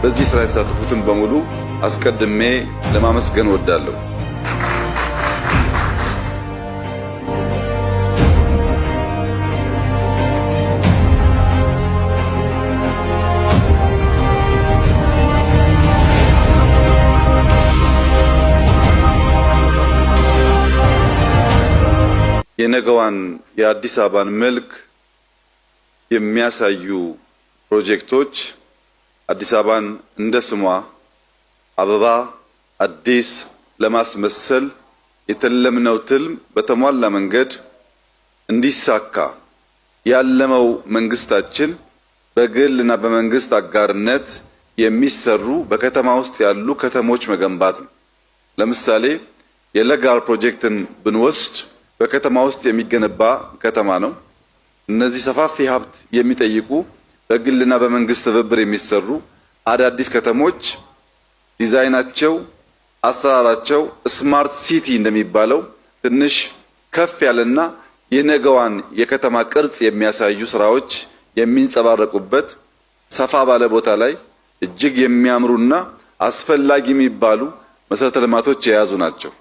በዚህ ስራ የተሳተፉትን በሙሉ አስቀድሜ ለማመስገን ወዳለሁ። የነገዋን የአዲስ አበባን መልክ የሚያሳዩ ፕሮጀክቶች አዲስ አበባን እንደ ስሟ አበባ አዲስ ለማስመሰል የተለምነው ትልም በተሟላ መንገድ እንዲሳካ ያለመው መንግስታችን በግልና በመንግስት አጋርነት የሚሰሩ በከተማ ውስጥ ያሉ ከተሞች መገንባት ነው። ለምሳሌ የለጋር ፕሮጀክትን ብንወስድ በከተማ ውስጥ የሚገነባ ከተማ ነው። እነዚህ ሰፋፊ ሀብት የሚጠይቁ በግልና በመንግስት ትብብር የሚሰሩ አዳዲስ ከተሞች ዲዛይናቸው፣ አሰራራቸው ስማርት ሲቲ እንደሚባለው ትንሽ ከፍ ያለና የነገዋን የከተማ ቅርጽ የሚያሳዩ ስራዎች የሚንጸባረቁበት ሰፋ ባለ ቦታ ላይ እጅግ የሚያምሩና አስፈላጊ የሚባሉ መሰረተ ልማቶች የያዙ ናቸው።